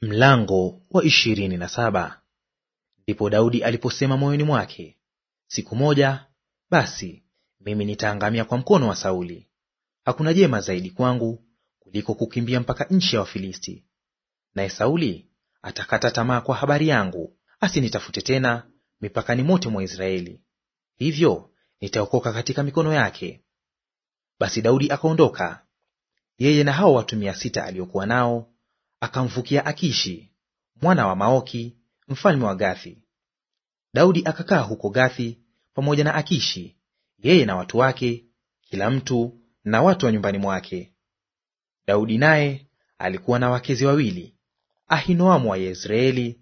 Mlango wa ishirini na saba. Ndipo Daudi aliposema moyoni mwake, siku moja basi mimi nitaangamia kwa mkono wa Sauli. Hakuna jema zaidi kwangu kuliko kukimbia mpaka nchi ya Wafilisti. Naye Sauli atakata tamaa kwa habari yangu, asinitafute tena mipakani mote mwa Israeli. Hivyo nitaokoka katika mikono yake. Basi Daudi akaondoka, yeye na hao watu mia sita aliokuwa nao akamvukia Akishi mwana wa Maoki mfalme wa Gathi. Daudi akakaa huko Gathi pamoja na Akishi, yeye na watu wake, kila mtu na watu wa nyumbani mwake. Daudi naye alikuwa na wakezi wawili, Ahinoamu wa Yezreeli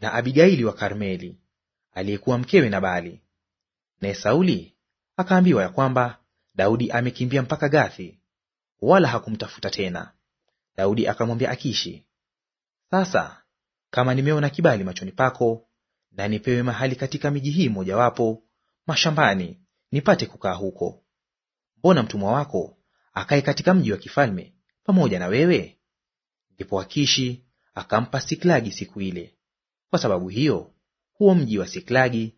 na Abigaili wa Karmeli, aliyekuwa mkewe Nabali. Naye Sauli akaambiwa ya kwamba Daudi amekimbia mpaka Gathi, wala hakumtafuta tena. Daudi akamwambia Akishi, sasa kama nimeona kibali machoni pako, na nipewe mahali katika miji hii mojawapo mashambani, nipate kukaa huko. Mbona mtumwa wako akaye katika mji wa kifalme pamoja na wewe? Ndipo Akishi akampa Siklagi siku ile. Kwa sababu hiyo huo mji wa Siklagi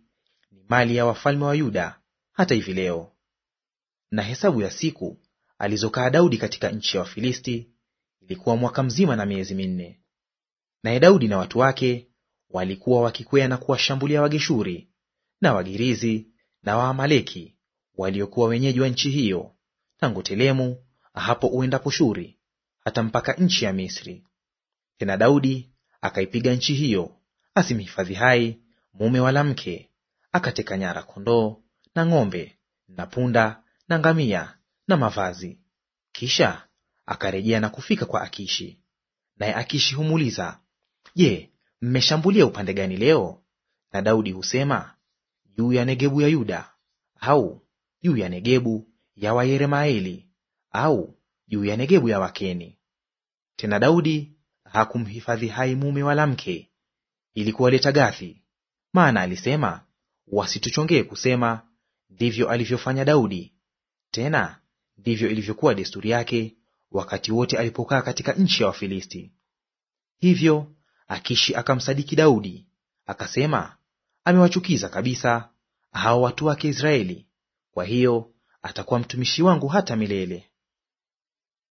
ni mali ya wafalme wa Yuda hata hivi leo. Na hesabu ya siku alizokaa Daudi katika nchi ya Wafilisti Ilikuwa mwaka mzima na miezi minne. Naye Daudi na watu wake walikuwa wakikwea na kuwashambulia Wageshuri na Wagirizi na Waamaleki waliokuwa wenyeji wa nchi hiyo, tangu Telemu hapo uendapo Shuri hata mpaka nchi ya Misri. Tena Daudi akaipiga nchi hiyo, asimhifadhi hai mume wala mke, akateka nyara kondoo na ng'ombe na punda na ngamia na mavazi. Kisha Akarejea na kufika kwa Akishi, naye Akishi humuuliza, Je, mmeshambulia upande gani leo? Na Daudi husema, juu ya Negebu ya Yuda, au juu ya Negebu ya Wayeremaeli, au juu ya Negebu ya Wakeni. Tena Daudi hakumhifadhi hai mume wala mke, ili kuwaleta Gathi, maana alisema, wasituchongee kusema, ndivyo alivyofanya Daudi; tena ndivyo ilivyokuwa desturi yake wakati wote alipokaa katika nchi ya Wafilisti. Hivyo Akishi akamsadiki Daudi, akasema, amewachukiza kabisa hao watu wake Israeli, kwa hiyo atakuwa mtumishi wangu hata milele.